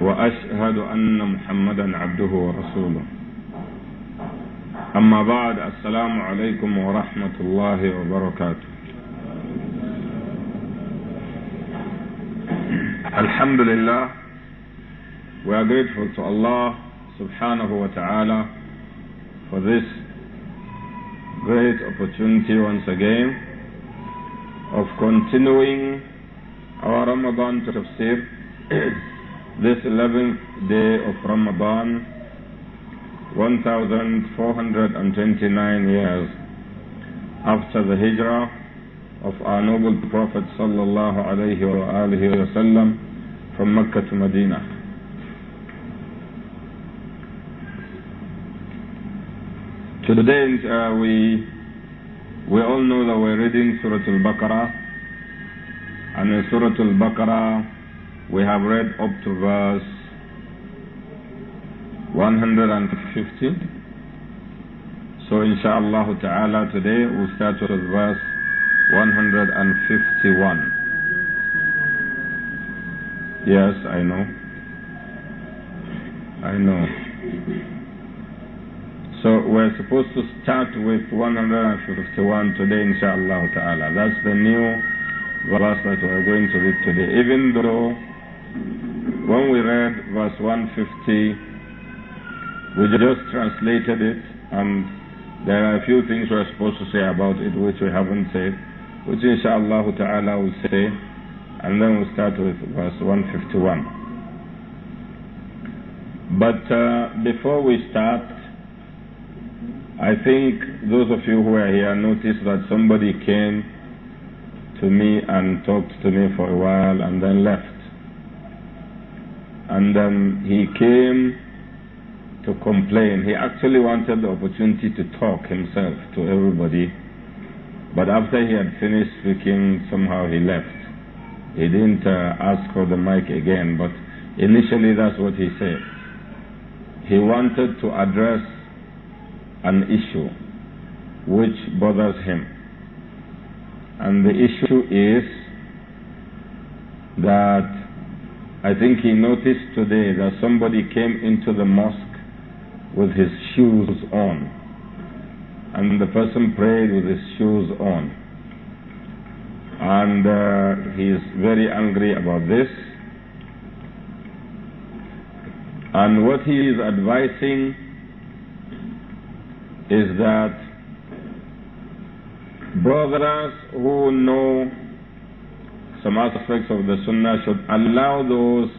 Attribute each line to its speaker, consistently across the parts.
Speaker 1: وأشهد أن محمدا عبده ورسوله أما بعد السلام عليكم ورحمة الله وبركاته الحمد لله we are grateful to Allah subhanahu wa ta'ala for this great opportunity once again of continuing our Ramadan tafsir this 11th day of Ramadan, 1429 years after the hijrah of our noble Prophet sallallahu wa sallam from Mecca to Medina. Today uh, we we all know that we're reading Surah Al-Baqarah and Surah Al-Baqarah we have read up to verse 150. So inshallah ta'ala today we will start with verse 151. Yes, I know. I know. So we're supposed to start with 151 today, inshallah ta'ala. That's the new verse that we're going to read today. Even though when we read verse 150, we just translated it, and there are a few things we're supposed to say about it which we haven't said, which inshallah ta'ala will say, and then we'll start with verse 151. But uh, before we start, I think those of you who are here noticed that somebody came to me and talked to me for a while and then left. And he came to complain. He actually wanted the opportunity to talk himself to everybody. But after he had finished speaking, somehow he left. He didn't uh, ask for the mic again, but initially that's what he said. He wanted to address an issue which bothers him. And the issue is that I think he noticed today that somebody came into the mosque with his shoes on. And the person prayed with his shoes on. And uh, he is very angry about this. And what he is advising is that brothers who know some aspects of the Sunnah should allow those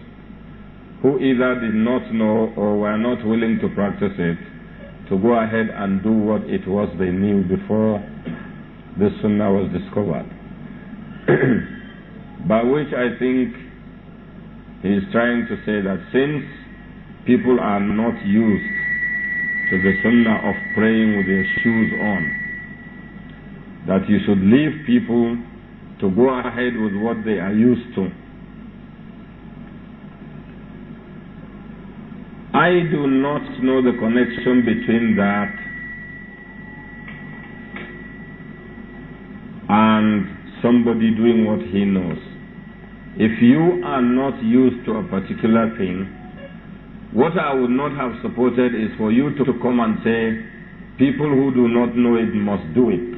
Speaker 1: who either did not know or were not willing to practice it to go ahead and do what it was they knew before the Sunnah was discovered. By which I think he is trying to say that since people are not used to the Sunnah of praying with their shoes on, that you should leave people to go ahead with what they are used to. I do not know the connection between that and somebody doing what he knows. If you are not used to a particular thing, what I would not have supported is for you to come and say, people who do not know it must do it.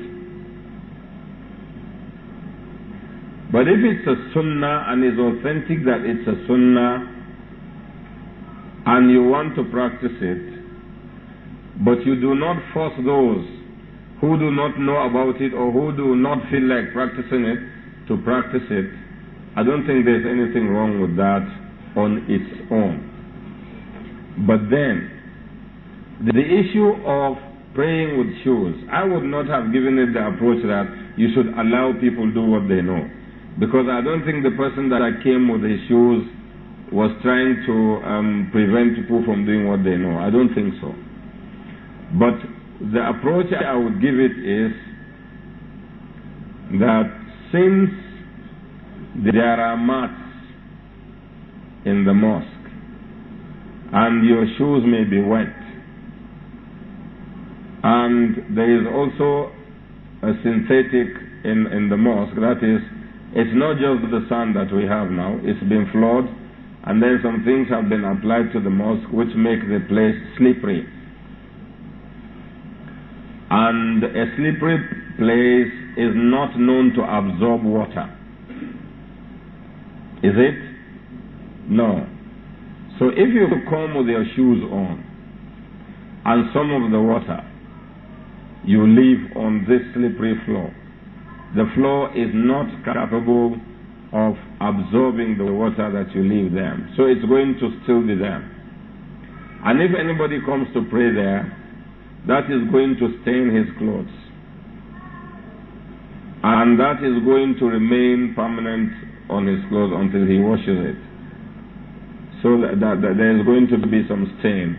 Speaker 1: But if it's a sunnah and is authentic that it's a sunnah and you want to practice it, but you do not force those who do not know about it or who do not feel like practicing it to practice it, I don't think there's anything wrong with that on its own. But then, the issue of praying with shoes, I would not have given it the approach that you should allow people do what they know. Because I don't think the person that I came with his shoes was trying to um, prevent people from doing what they know. I don't think so. But the approach I would give it is that since there are mats in the mosque and your shoes may be wet, and there is also a synthetic in, in the mosque, that is, it's not just the sand that we have now, it's been floored, and then some things have been applied to the mosque which make the place slippery. And a slippery place is not known to absorb water. Is it? No. So if you come with your shoes on and some of the water you leave on this slippery floor, the floor is not capable of absorbing the water that you leave there. So it's going to still be there. And if anybody comes to pray there, that is going to stain his clothes. And that is going to remain permanent on his clothes until he washes it. So that, that, that there is going to be some stain.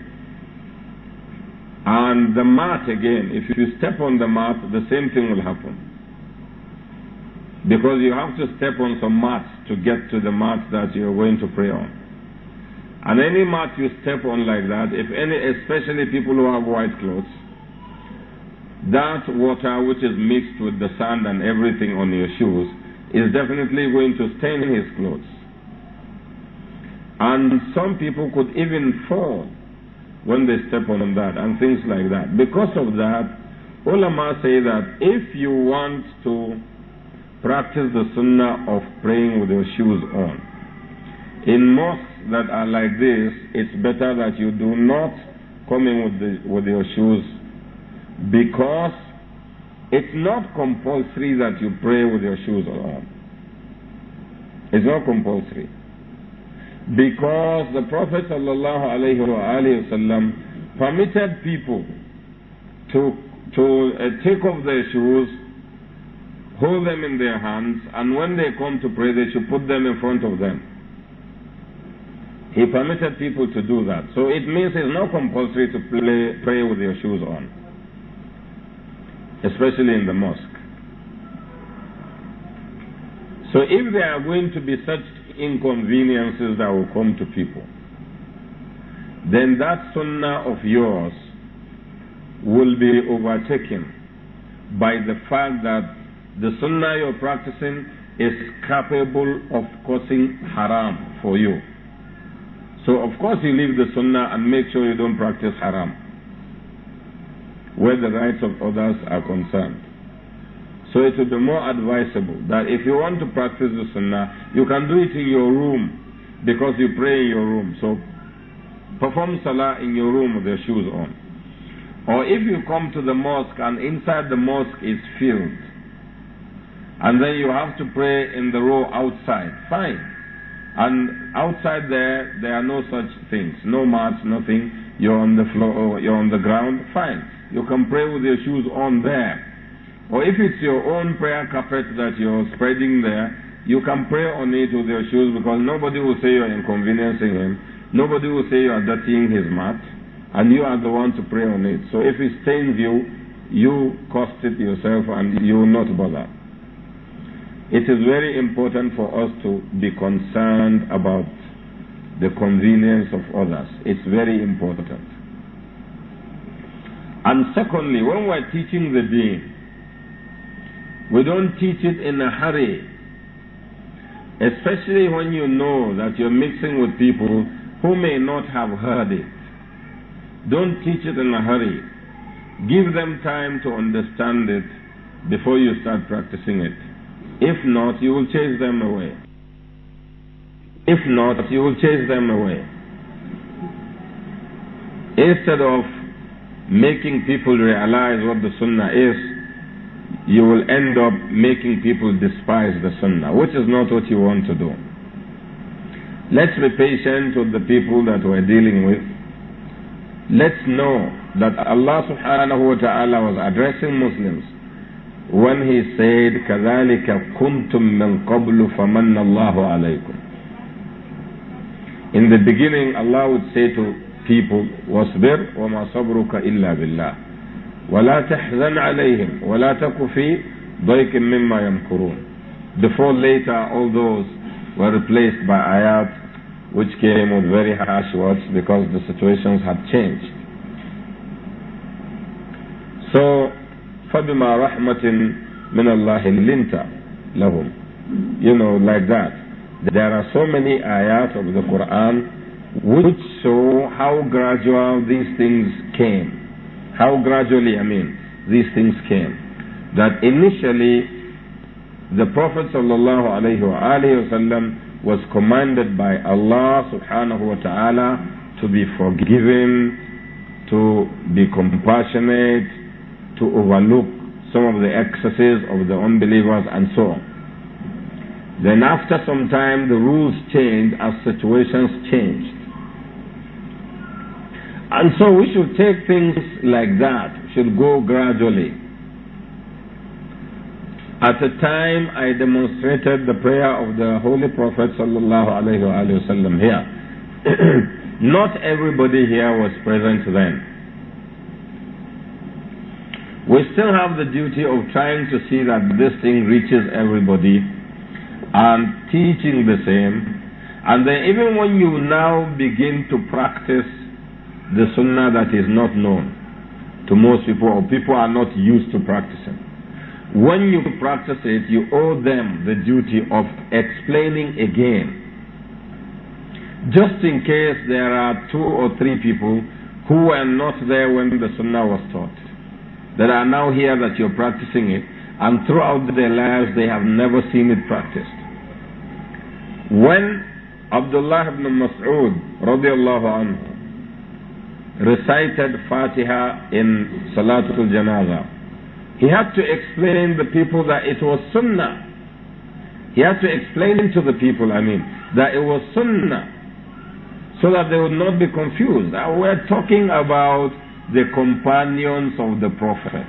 Speaker 1: And the mat again, if you step on the mat, the same thing will happen. Because you have to step on some mats to get to the mat that you're going to pray on. And any mat you step on like that, if any, especially people who have white clothes, that water which is mixed with the sand and everything on your shoes is definitely going to stain his clothes. And some people could even fall when they step on that and things like that. Because of that, ulama say that if you want to practice the sunnah of praying with your shoes on. In mosques that are like this, it's better that you do not come in with, the, with your shoes because it's not compulsory that you pray with your shoes on. It's not compulsory. Because the Prophet ﷺ permitted people to, to uh, take off their shoes hold them in their hands, and when they come to pray, they should put them in front of them. He permitted people to do that. So it means it's not compulsory to play, pray with your shoes on, especially in the mosque. So if there are going to be such inconveniences that will come to people, then that sunnah of yours will be overtaken by the fact that the sunnah you're practicing is capable of causing haram for you. So of course you leave the sunnah and make sure you don't practice haram where the rights of others are concerned. So it would be more advisable that if you want to practice the sunnah, you can do it in your room because you pray in your room. So perform salah in your room with your shoes on. Or if you come to the mosque and inside the mosque is filled, and then you have to pray in the row outside. Fine. And outside there, there are no such things. No mats, nothing. You're on the floor, you're on the ground. Fine. You can pray with your shoes on there. Or if it's your own prayer carpet that you're spreading there, you can pray on it with your shoes because nobody will say you're inconveniencing him. Nobody will say you are dirtying his mat. And you are the one to pray on it. So if it stains you, you cost it yourself and you will not bother. It is very important for us to be concerned about the convenience of others. It's very important. And secondly, when we're teaching the deen, we don't teach it in a hurry. Especially when you know that you're mixing with people who may not have heard it. Don't teach it in a hurry. Give them time to understand it before you start practicing it. If not, you will chase them away. If not, you will chase them away. Instead of making people realize what the sunnah is, you will end up making people despise the sunnah, which is not what you want to do. Let's be patient with the people that we're dealing with. Let's know that Allah subhanahu wa ta'ala was addressing Muslims when he said, كَذَلِكَ كُنْتُم مِّن قَبْلُ فَمَنَّ اللَّهُ عَلَيْكُمْ In the beginning, Allah would say to people, وَاصْبِرْ وَمَا صَبْرُكَ إِلَّا بِاللَّهِ وَلَا تَحْزَنْ عَلَيْهِمْ وَلَا تَكُفِي ضَيْكٍ مِّمَّا يَمْكُرُونَ Before later, all those were replaced by ayat which came with very harsh words because the situations had changed. So, فَبِمَا رَحْمَةٍ مِنَ اللَّهِ لِنْتَ لَهُمْ You know, like that. There are so many ayat of the Quran which show how gradual these things came. How gradually, I mean, these things came. That initially, the Prophet ﷺ was commanded by Allah subhanahu wa ta'ala to be forgiving, to be compassionate, to overlook some of the excesses of the unbelievers and so on. Then after some time the rules changed as situations changed. And so we should take things like that, should go gradually. At the time I demonstrated the prayer of the Holy Prophet sallallahu here. Not everybody here was present then we still have the duty of trying to see that this thing reaches everybody and teaching the same. And then even when you now begin to practice the sunnah that is not known to most people or people are not used to practicing, when you practice it, you owe them the duty of explaining again. Just in case there are two or three people who were not there when the sunnah was taught that are now here that you're practicing it, and throughout their lives they have never seen it practiced. When Abdullah ibn Mas'ud radiallahu anhu recited Fatiha in Salatul Janazah, he had to explain to the people that it was Sunnah. He had to explain to the people, I mean, that it was Sunnah so that they would not be confused. we're talking about the companions of the Prophet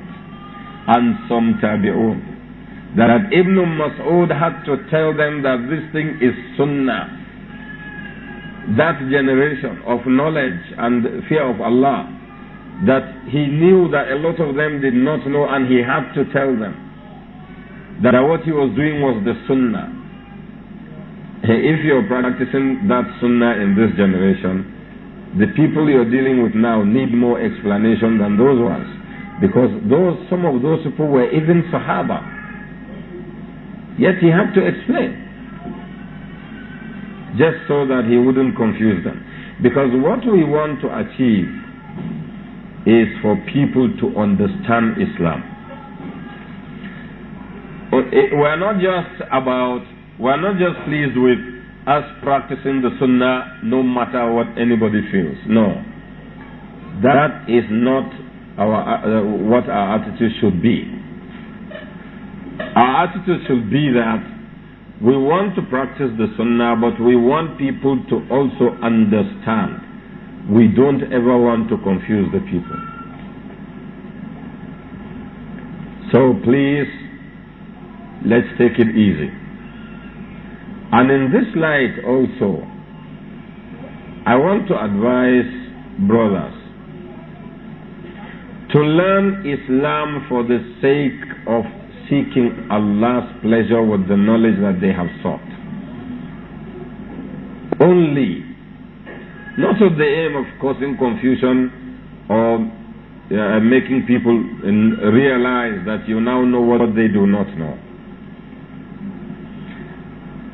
Speaker 1: and some tabi'un. That Ibn Mas'ud had to tell them that this thing is sunnah. That generation of knowledge and fear of Allah that he knew that a lot of them did not know and he had to tell them that what he was doing was the sunnah. If you're practicing that sunnah in this generation, the people you're dealing with now need more explanation than those ones. Because those, some of those people were even Sahaba. Yet he had to explain. Just so that he wouldn't confuse them. Because what we want to achieve is for people to understand Islam. Uh, eh, we're not just about, we're not just pleased with us practicing the sunnah no matter what anybody feels. No. That is not our, uh, uh, what our attitude should be. Our attitude should be that we want to practice the sunnah, but we want people to also understand. We don't ever want to confuse the people. So please, let's take it easy. And in this light also, I want to advise brothers to learn Islam for the sake of seeking Allah's pleasure with the knowledge that they have sought. Only, not with the aim of causing confusion or uh, making people realize that you now know what they do not know.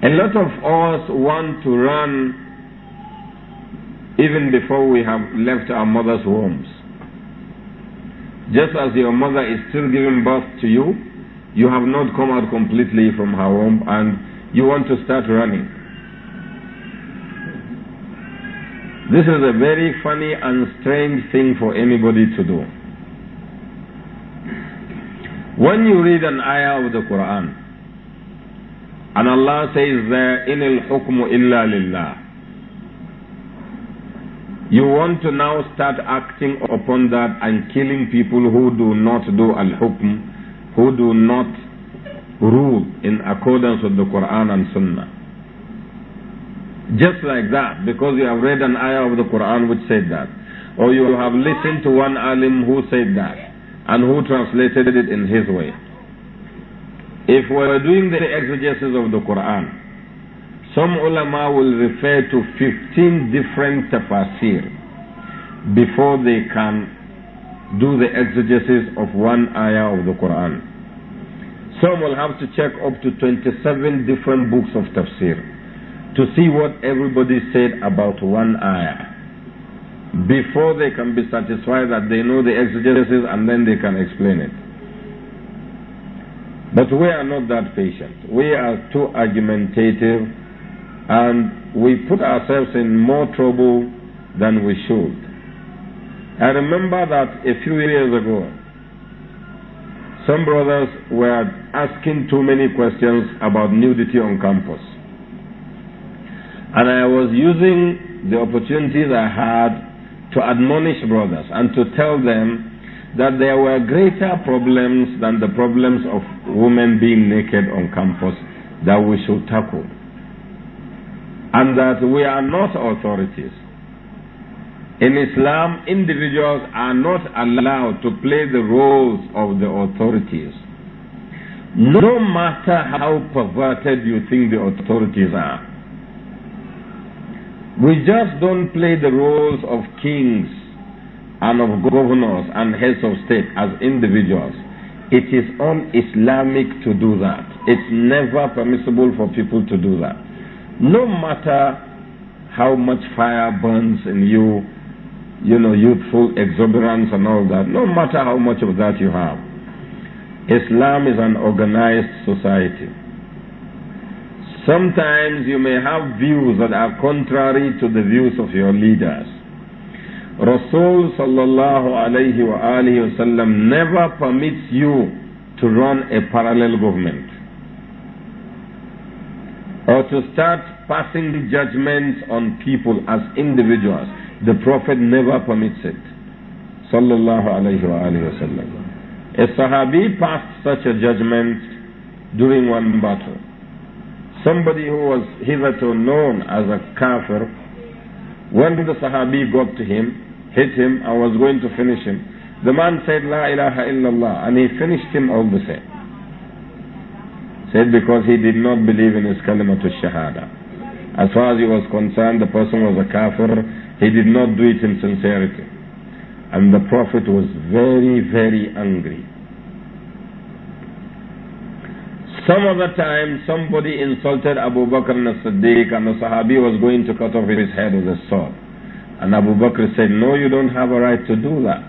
Speaker 1: A lot of us want to run even before we have left our mother's wombs. Just as your mother is still giving birth to you, you have not come out completely from her womb and you want to start running. This is a very funny and strange thing for anybody to do. When you read an ayah of the Quran, and Allah says there, in al hukmu illa lillah. You want to now start acting upon that and killing people who do not do al hukm, who do not rule in accordance with the Quran and Sunnah. Just like that, because you have read an ayah of the Quran which said that. Or you have listened to one alim who said that, and who translated it in his way. If we are doing the exegesis of the Quran, some ulama will refer to 15 different tafsir before they can do the exegesis of one ayah of the Quran. Some will have to check up to 27 different books of tafsir to see what everybody said about one ayah before they can be satisfied that they know the exegesis and then they can explain it. But we are not that patient. We are too argumentative and we put ourselves in more trouble than we should. I remember that a few years ago, some brothers were asking too many questions about nudity on campus. And I was using the opportunities I had to admonish brothers and to tell them that there were greater problems than the problems of women being naked on campus that we should tackle. And that we are not authorities. In Islam, individuals are not allowed to play the roles of the authorities. No matter how perverted you think the authorities are. We just don't play the roles of kings and of governors and heads of state as individuals. It is un-Islamic to do that. It's never permissible for people to do that. No matter how much fire burns in you, you know, youthful exuberance and all that, no matter how much of that you have, Islam is an organized society. Sometimes you may have views that are contrary to the views of your leaders. Rasul sallallahu alayhi wa alihi wasallam never permits you to run a parallel government or to start passing the judgments on people as individuals. The Prophet never permits it. Sallallahu alayhi wa alihi wasallam. A Sahabi passed such a judgment during one battle. Somebody who was hitherto known as a kafir, when the Sahabi got to him, hit him. I was going to finish him. The man said, La ilaha illallah, and he finished him all the same. Said because he did not believe in his kalimatul shahada. As far as he was concerned, the person was a kafir. He did not do it in sincerity. And the Prophet was very, very angry. Some other time, somebody insulted Abu Bakr as-Siddiq and the Sahabi was going to cut off his head with a sword. And Abu Bakr said, No, you don't have a right to do that.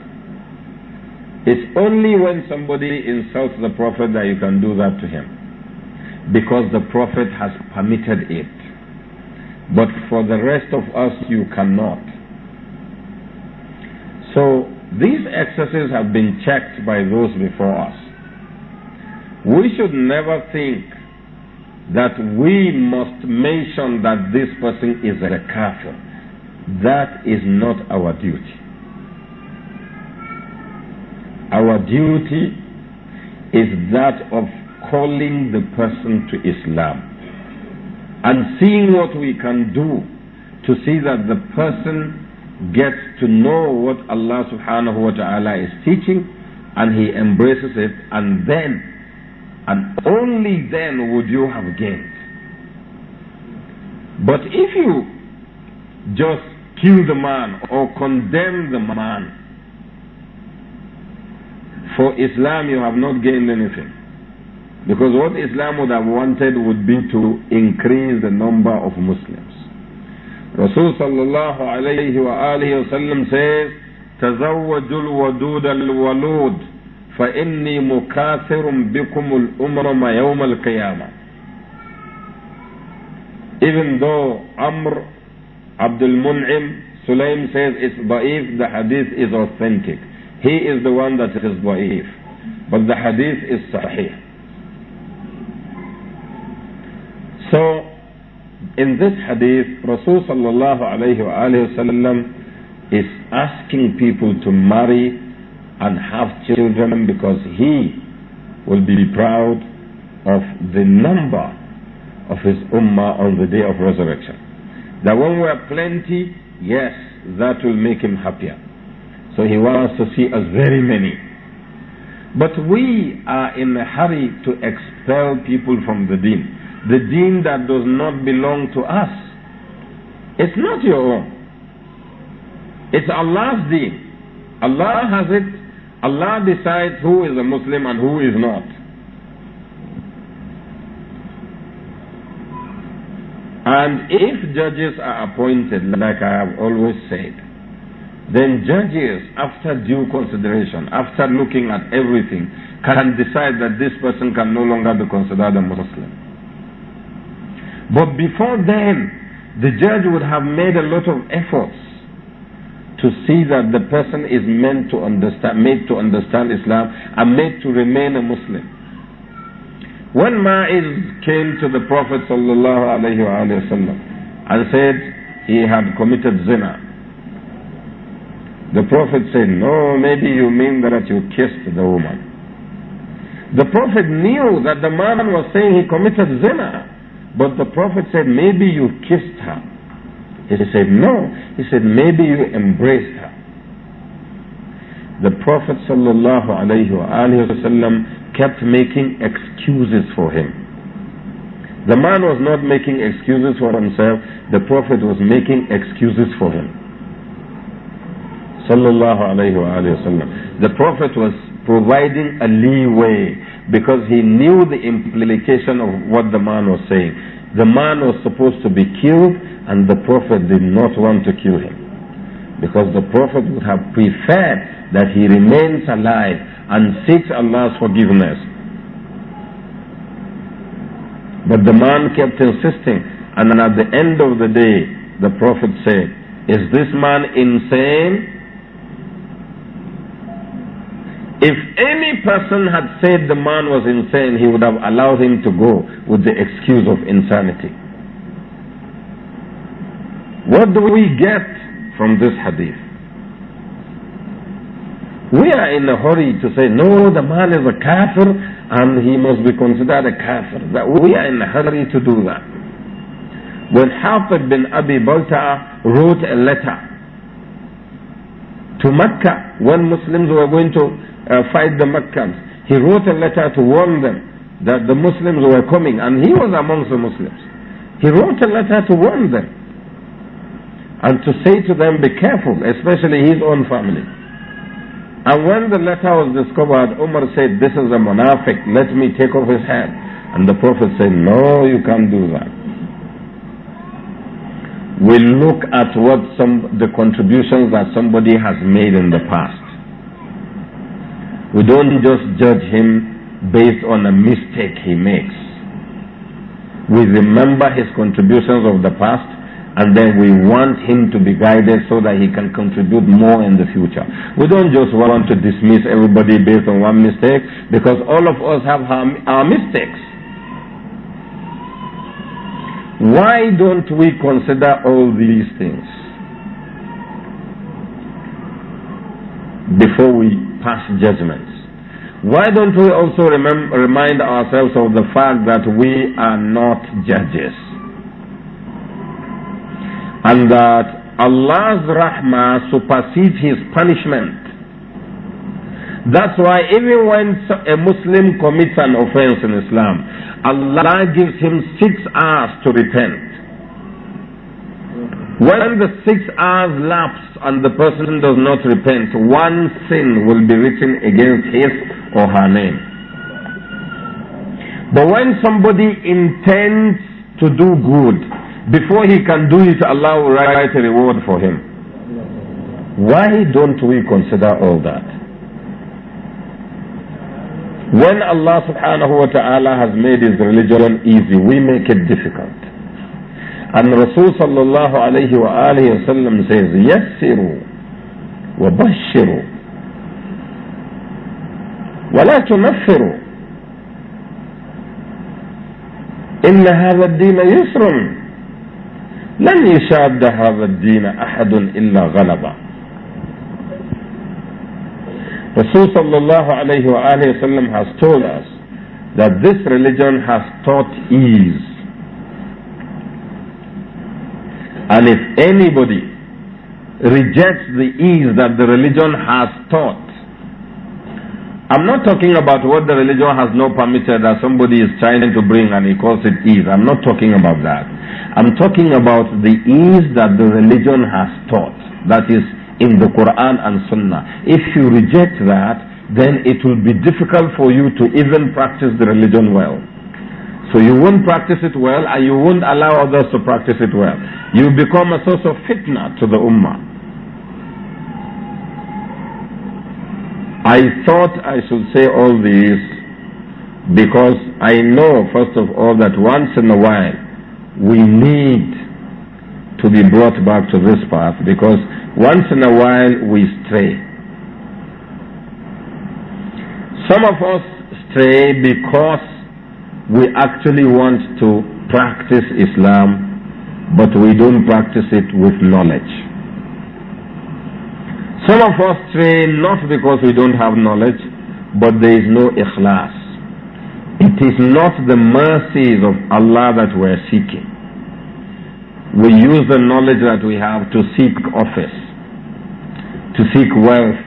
Speaker 1: It's only when somebody insults the Prophet that you can do that to him. Because the Prophet has permitted it. But for the rest of us, you cannot. So these excesses have been checked by those before us. We should never think that we must mention that this person is a kafir that is not our duty. Our duty is that of calling the person to Islam and seeing what we can do to see that the person gets to know what Allah subhanahu wa ta'ala is teaching and he embraces it and then and only then would you have gained. But if you just kill the man or condemn the man. For Islam, you have not gained anything. Because what Islam would have wanted would be to increase the number of Muslims. Rasul says, تزوج الودود الولود فإني مكاثر بكم الأمم يوم القيامة. Even though Amr Abdul Mun'im Sulaim says it's da'if, the hadith is authentic. He is the one that is da'if. But the hadith is sahih. So, in this hadith, Rasulullah is asking people to marry and have children because he will be proud of the number of his ummah on the day of resurrection. That when we are plenty, yes, that will make him happier. So he wants to see us very many. But we are in a hurry to expel people from the deen. The deen that does not belong to us. It's not your own. It's Allah's deen. Allah has it. Allah decides who is a Muslim and who is not. And if judges are appointed, like I have always said, then judges, after due consideration, after looking at everything, can decide that this person can no longer be considered a Muslim. But before then, the judge would have made a lot of efforts to see that the person is meant to understand, made to understand Islam and made to remain a Muslim. When Ma'iz came to the Prophet sallallahu wasallam and said he had committed zina, the Prophet said, no, maybe you mean that you kissed the woman. The Prophet knew that the man was saying he committed zina, but the Prophet said, maybe you kissed her. He said, no. He said, maybe you embraced her the Prophet ﷺ kept making excuses for him. The man was not making excuses for himself, the Prophet was making excuses for him. The Prophet was providing a leeway because he knew the implication of what the man was saying. The man was supposed to be killed and the Prophet did not want to kill him. Because the Prophet would have preferred that he remains alive and seeks Allah's forgiveness. But the man kept insisting, and then at the end of the day, the Prophet said, Is this man insane? If any person had said the man was insane, he would have allowed him to go with the excuse of insanity. What do we get from this hadith? We are in a hurry to say, no, the man is a kafir and he must be considered a kafir. That we are in a hurry to do that. When Hafid bin Abi Balta wrote a letter to Mecca, when Muslims were going to uh, fight the Meccans, he wrote a letter to warn them that the Muslims were coming and he was amongst the Muslims. He wrote a letter to warn them and to say to them, be careful, especially his own family. And when the letter was discovered, Umar said, this is a munafiq, let me take off his hat. And the Prophet said, no, you can't do that. We look at what some, the contributions that somebody has made in the past. We don't just judge him based on a mistake he makes. We remember his contributions of the past and then we want him to be guided so that he can contribute more in the future. We don't just want to dismiss everybody based on one mistake because all of us have our mistakes. Why don't we consider all these things before we pass judgments? Why don't we also remind ourselves of the fact that we are not judges? and that Allah's rahmah supersedes his punishment. That's why even when a Muslim commits an offense in Islam, Allah gives him six hours to repent. When the six hours lapse and the person does not repent, one sin will be written against his or her name. But when somebody intends to do good, before he can do it, Allah will write a reward for him. Why don't we consider all that? When Allah subhanahu wa ta'ala has made his religion easy, we make it difficult. And Rasul sallallahu alayhi wa alayhi wa sallam says, يَسِّرُوا وَبَشِّرُوا ولا تنفروا إن هذا الدين يسر لن يشاد هذا الدين أحد إلا غلبه has told us that this religion has taught ease. And if anybody rejects the ease that the religion has taught, I'm not talking about what the religion has not permitted that somebody is trying to bring and he calls it ease. I'm not talking about that. I'm talking about the ease that the religion has taught, that is in the Quran and Sunnah. If you reject that, then it will be difficult for you to even practice the religion well. So you won't practice it well and you won't allow others to practice it well. You become a source of fitna to the ummah. I thought I should say all this because I know, first of all, that once in a while we need to be brought back to this path because once in a while we stray. Some of us stray because we actually want to practice Islam, but we don't practice it with knowledge. Some of us stray not because we don't have knowledge, but there is no ikhlas. It is not the mercies of Allah that we're seeking. We use the knowledge that we have to seek office, to seek wealth,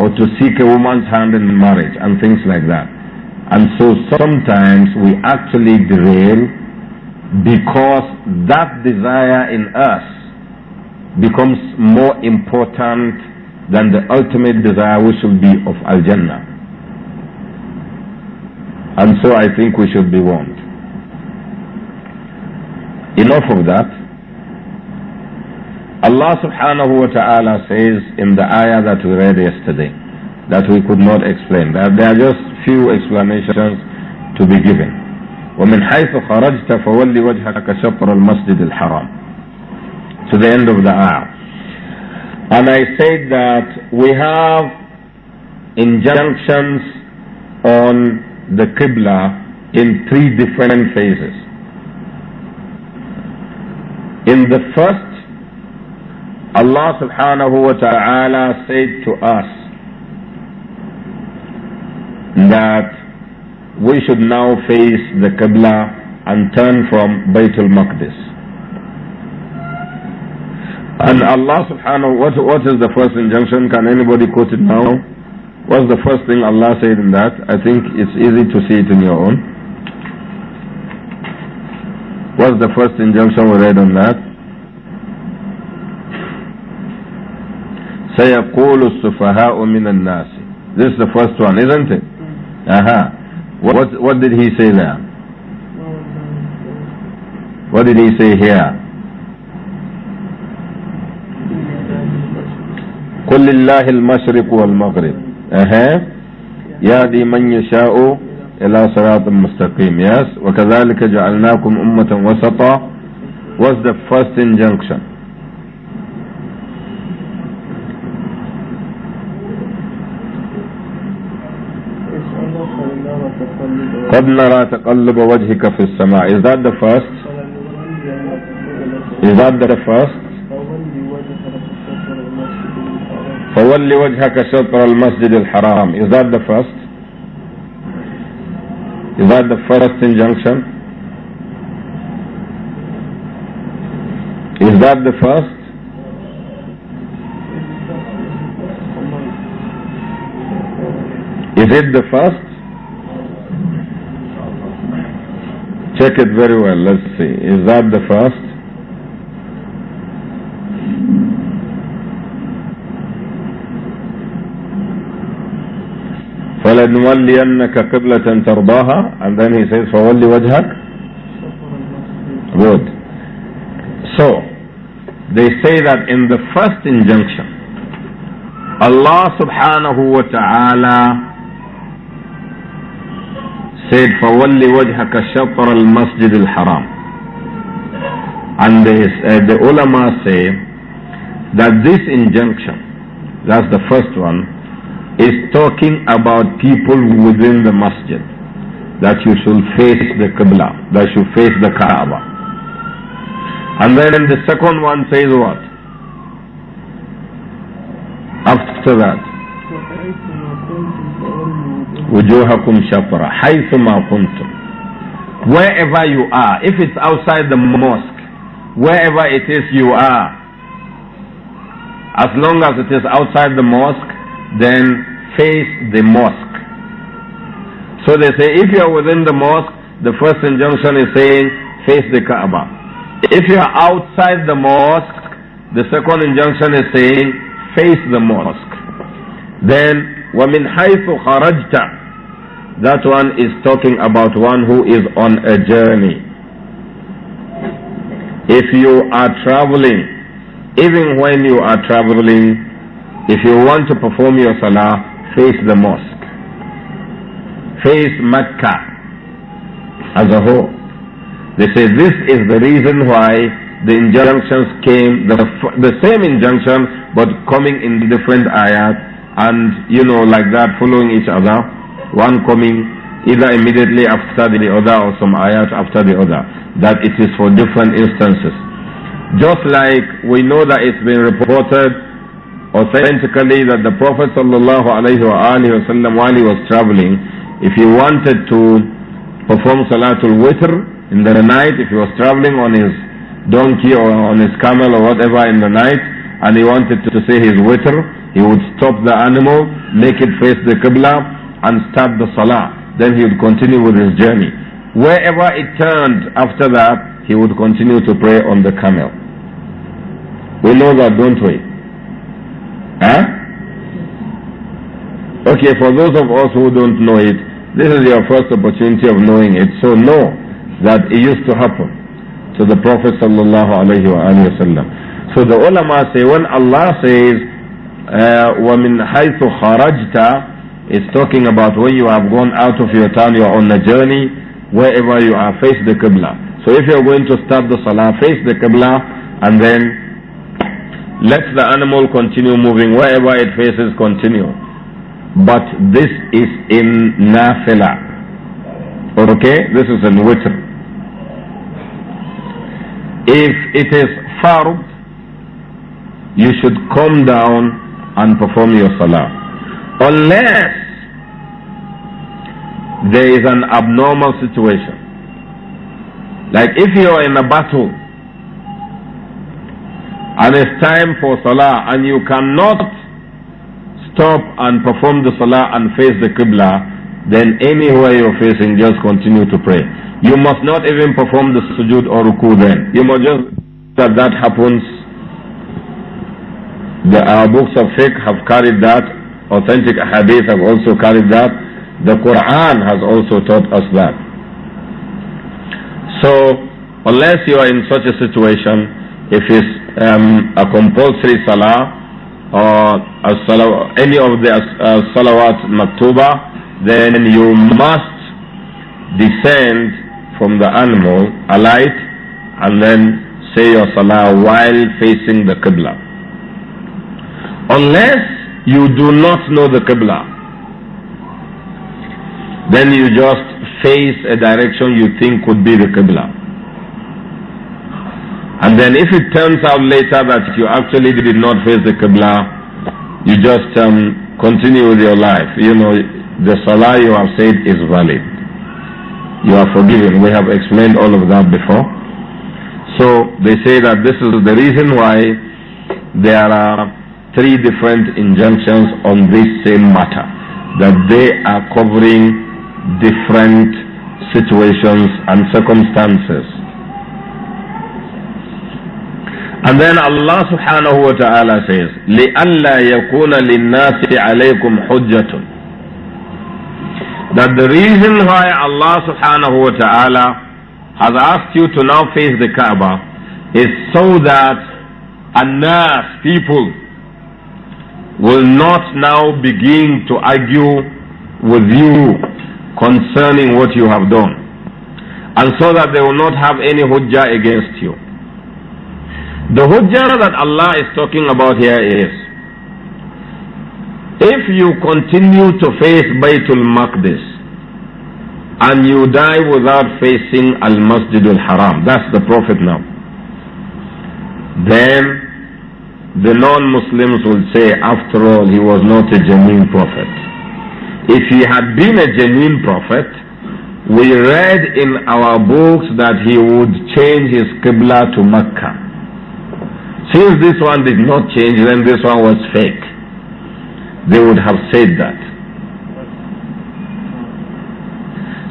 Speaker 1: or to seek a woman's hand in marriage, and things like that. And so sometimes we actually derail because that desire in us becomes more important than the ultimate desire which will be of Al Jannah. And so I think we should be warned. Enough of that. Allah subhanahu wa ta'ala says in the ayah that we read yesterday that we could not explain. That there are just few explanations to be given. وَمِنْ حَيْثُ خَرَجْتَ فَوَلِّ وَجْهَكَ شَطْرَ الْمَسْجِدِ الْحَرَامِ To the end of the ayah. And I said that we have injunctions on the Qibla in three different phases. In the first, Allah subhanahu wa ta'ala said to us that we should now face the Qibla and turn from Baytul Maqdis. And Allah subhanahu wa ta'ala, what is the first injunction? Can anybody quote it now? What's the first thing Allah said in that? I think it's easy to see it in your own. What's the first injunction we read on that? سيقول السفهاء من الناس This is the first one, isn't it? Aha. Uh -huh. What, what did he say there? What did he say here? قل لله المشرق والمغرب أها يهدي من يشاء إلى صراط مستقيم yes وكذلك جعلناكم أمة وسطا was the first injunction قد نرى تقلب وجهك في السماء is that the first is that the first فَوَلِّ وَجْهَكَ شَطْرَ الْمَسْجِدِ الْحَرَامِ Is that the first? Is that the first injunction? Is that the first? Is it the first? Check it very well. Let's see. Is that the first? فلنولينك قبلة ترضاها and then he says فولي وجهك good so they say that in the first injunction Allah subhanahu wa ta'ala said فولي وجهك شطر المسجد الحرام and they, uh, the ulama say that this injunction that's the first one is talking about people within the masjid that you should face the Qibla, that you face the Kaaba. And then in the second one says what? After that. وجوهكم shafara, حيثما كنتم wherever you are if it's outside the mosque wherever it is you are as long as it is outside the mosque then face the mosque. So they say if you are within the mosque, the first injunction is saying face the Kaaba. If you are outside the mosque, the second injunction is saying face the mosque. Then وَمِنْ حَيْثُ خَرَجْتَ That one is talking about one who is on a journey. If you are traveling, even when you are traveling, if you want to perform your salah, face the mosque. Face Mecca as a whole. They say this is the reason why the injunctions came, the, the same injunction, but coming in different ayat, and you know, like that, following each other, one coming either immediately after the other or some ayat after the other, that it is for different instances. Just like we know that it's been reported authentically that the Prophet sallallahu alaihi wasallam while he was traveling, if he wanted to perform Salatul Witr in the night, if he was traveling on his donkey or on his camel or whatever in the night, and he wanted to say his witr, he would stop the animal, make it face the Qibla, and start the Salah. Then he would continue with his journey. Wherever it turned after that, he would continue to pray on the camel. We know that, don't we? Huh? Okay, for those of us who don't know it, this is your first opportunity of knowing it. So know that it used to happen to the Prophet sallallahu alaihi wasallam. So the ulama say when Allah says uh, وَمِنْ حَيْثُ خَرَجْتَ is talking about when you have gone out of your town, you are on a journey, wherever you are, face the Qibla. So if you are going to start the Salah, face the Qibla and then let the animal continue moving wherever it faces, continue. But this is in nafila. Okay? This is in witr. If it is farb, you should come down and perform your salah. Unless there is an abnormal situation. Like if you are in a battle and it's time for salah and you cannot stop and perform the salah and face the qibla, then anywhere you're facing, just continue to pray. You must not even perform the sujud or ruku then. You must just that that happens. The our books of fiqh have carried that. Authentic hadith have also carried that. The Quran has also taught us that. So, unless you are in such a situation, if it's um, a compulsory salah or a any of the uh, salawat maktuba, then you must descend from the animal, alight, and then say your salah while facing the Qibla. Unless you do not know the Qibla, then you just face a direction you think would be the Qibla. And then if it turns out later that you actually did not face the Qibla, you just um, continue with your life. You know, the Salah you have said is valid. You are forgiven. We have explained all of that before. So they say that this is the reason why there are three different injunctions on this same matter that they are covering different situations and circumstances and then Allah subhanahu wa ta'ala says, لِأَلَّا يَكُونَ لِلنَّاسِ عَلَيْكُمْ حُجَّةٌ That the reason why Allah subhanahu wa ta'ala has asked you to now face the Kaaba is so that annas, people, will not now begin to argue with you concerning what you have done. And so that they will not have any hujjah against you. The hujjah that Allah is talking about here is if you continue to face Baytul Maqdis and you die without facing Al Masjidul Haram, that's the Prophet now, then the non Muslims will say, after all, he was not a genuine prophet. If he had been a genuine prophet, we read in our books that he would change his Qibla to Mecca since this one did not change, then this one was fake. They would have said that.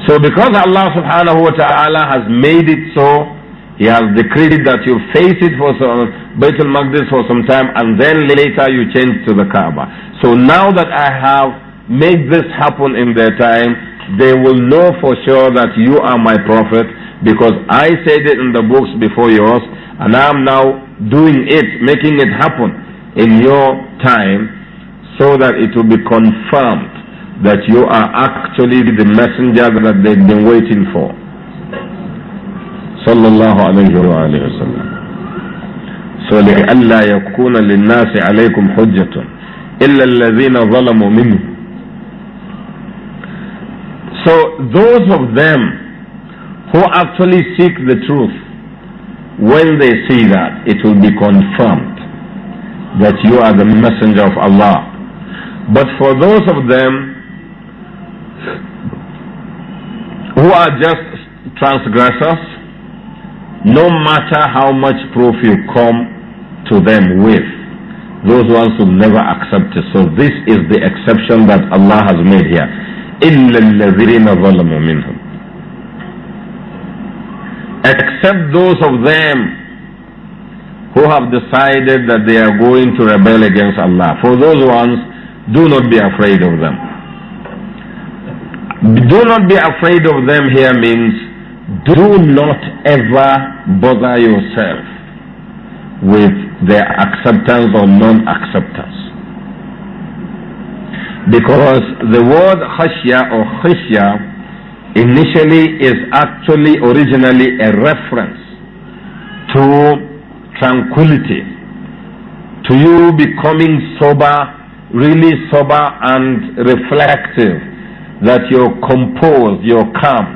Speaker 1: So because Allah subhanahu wa ta'ala has made it so, He has decreed that you face it for some, battle, Maqdis for some time and then later you change to the Kaaba. So now that I have made this happen in their time, they will know for sure that you are my prophet because I said it in the books before yours and I am now doing it, making it happen in your time so that it will be confirmed that you are actually the messenger that they've been waiting for. صلى الله عليه وآله So لئلا يكون للناس عليكم حجة إلا الذين ظلموا منهم. So those of them who actually seek the truth when they see that, it will be confirmed that you are the messenger of Allah. But for those of them who are just transgressors, no matter how much proof you come to them with, those ones will never accept it. So this is the exception that Allah has made here. إِلَّا الَّذِينَ ظَلَمُوا مِنْهُمْ except those of them who have decided that they are going to rebel against Allah. For those ones, do not be afraid of them. Do not be afraid of them here means do not ever bother yourself with their acceptance or non acceptance. Because the word khashya or khishya initially is actually originally a reference to tranquility, to you becoming sober, really sober and reflective, that you're composed, you're calm.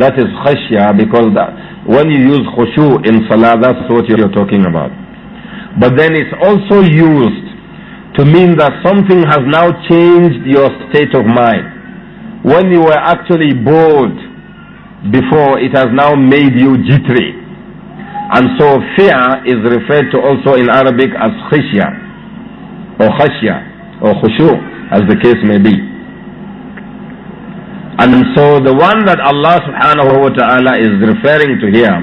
Speaker 1: That is khashya because that, when you use khushu in salah, that's what you're talking about. But then it's also used to mean that something has now changed your state of mind when you were actually bored before, it has now made you jittery. And so fear is referred to also in Arabic as khishya, or khashya, or khushu, as the case may be. And so the one that Allah subhanahu wa ta'ala is referring to here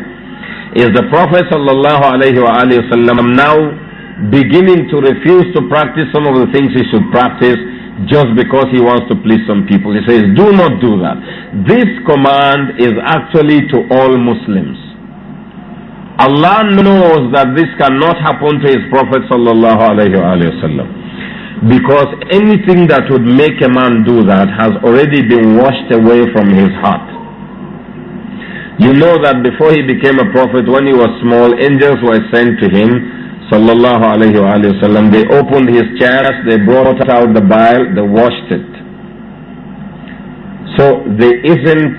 Speaker 1: is the Prophet sallallahu alayhi wa alayhi now beginning to refuse to practice some of the things he should practice just because he wants to please some people. He says, do not do that. This command is actually to all Muslims. Allah knows that this cannot happen to his Prophet sallallahu wasallam because anything that would make a man do that has already been washed away from his heart. You know that before he became a prophet, when he was small, angels were sent to him sallallahu alayhi wa sallam, they opened his chest, they brought out the bile, they washed it. So there isn't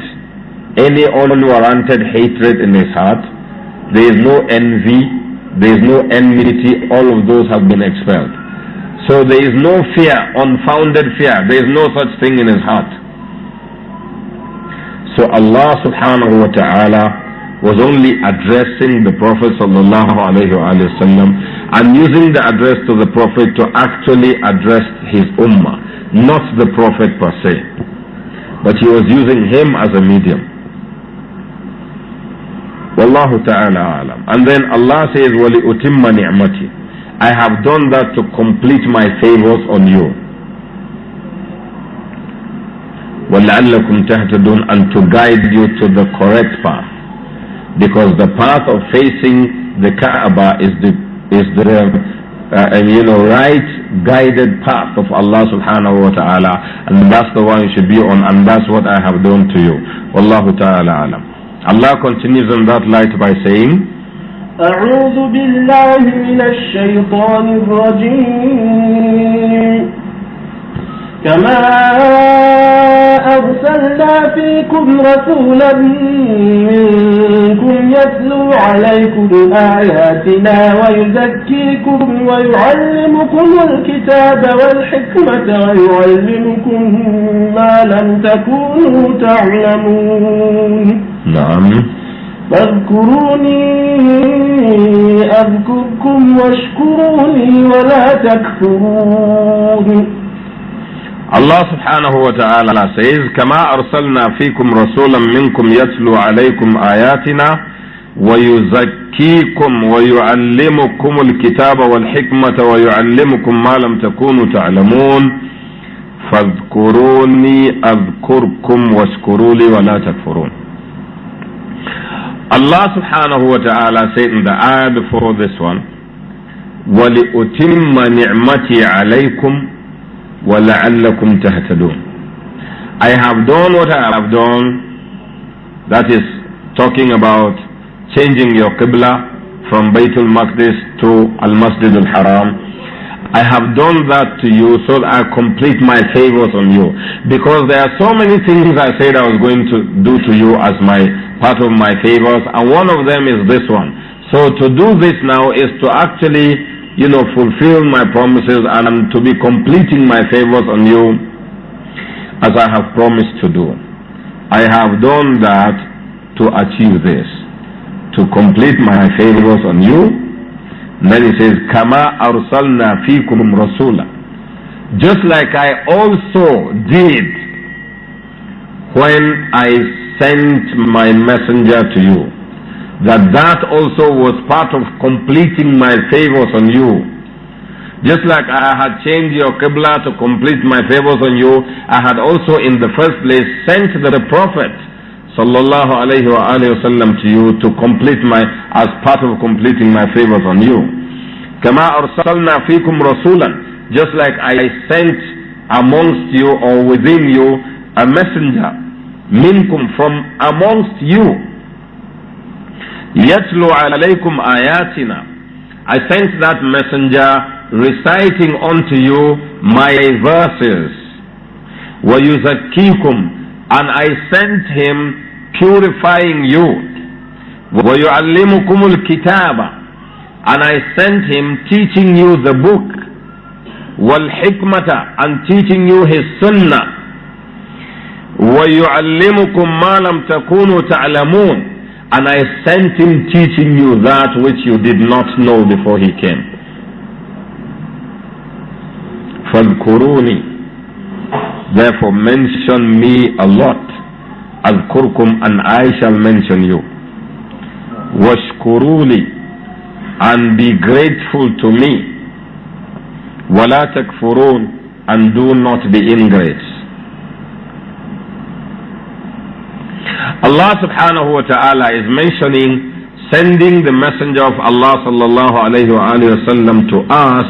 Speaker 1: any unwarranted hatred in his heart. There is no envy, there is no enmity, all of those have been expelled. So there is no fear, unfounded fear, there is no such thing in his heart. So Allah subhanahu wa ta'ala was only addressing the Prophet and using the address to the Prophet to actually address his ummah, not the Prophet per se. But he was using him as a medium. Wallahu ta'ala alam. And then Allah says, وَلِأُتِمَّ نِعْمَتِي I have done that to complete my favors on you. وَلَعَلَّكُمْ تَهْتَدُونَ And to guide you to the correct path because the path of facing the Kaaba is the is the uh, you know right guided path of Allah subhanahu wa ta'ala and that's the one you should be on and that's what I have done to you wallahu ta'ala alam Allah continues on that light by saying أعوذ بالله من الشيطان الرجيم كما أرسلنا فيكم رسولا منكم يتلو عليكم آياتنا ويزكيكم ويعلمكم الكتاب والحكمة ويعلمكم ما لم تكونوا تعلمون نعم فاذكروني أذكركم واشكروني ولا تكفرون Allah سبحانه وتعالى says, كما أرسلنا فيكم رسولا منكم يتلو عليكم آياتنا ويزكيكم ويعلمكم الكتاب والحكمة ويعلمكم ما لم تكونوا تعلمون فاذكروني أذكركم واشكروا لي ولا تكفرون Allah سبحانه وتعالى ta'ala said in the ayah before this one وَلِأُتِمَّ نِعْمَتِي عَلَيْكُمْ وَلَعَلَّكُمْ تَهْتَدُونَ I have done what I have done, that is talking about changing your Qibla from Baytul Maqdis to Al-Masjid Al-Haram. I have done that to you so that I complete my favors on you. Because there are so many things I said I was going to do to you as my part of my favors, and one of them is this one. So to do this now is to actually you know, fulfill my promises and I'm to be completing my favors on you as I have promised to do. I have done that to achieve this, to complete my favors on you. And then he says, Kama arsalna fikum rasula. Just like I also did when I sent my messenger to you that that also was part of completing my favors on you. Just like I had changed your Qibla to complete my favors on you, I had also in the first place sent the Prophet sallallahu alayhi wa wasallam to you to complete my, as part of completing my favors on you. كما أرسلنا فيكم رسولا just like I sent amongst you or within you a messenger minkum from amongst you Yatlu alaykum ayatina. I sent that messenger reciting unto you my verses. وَيُزَكِّيكُمْ And I sent him purifying you. وَيُعَلِّمُكُمُ الْكِتَابَ And I sent him teaching you the book. والحكمة and teaching you his sunnah ويعلمكم ما لم تكونوا تعلمون and I sent him teaching you that which you did not know before he came. فَاذْكُرُونِي Therefore mention me a lot. أَذْكُرْكُمْ and I shall mention you. وَاشْكُرُونِي and be grateful to me. وَلَا تَكْفُرُونَ and do not be ingrates. Allah subhanahu wa ta'ala is mentioning sending the messenger of Allah sallallahu alayhi wa sallam to us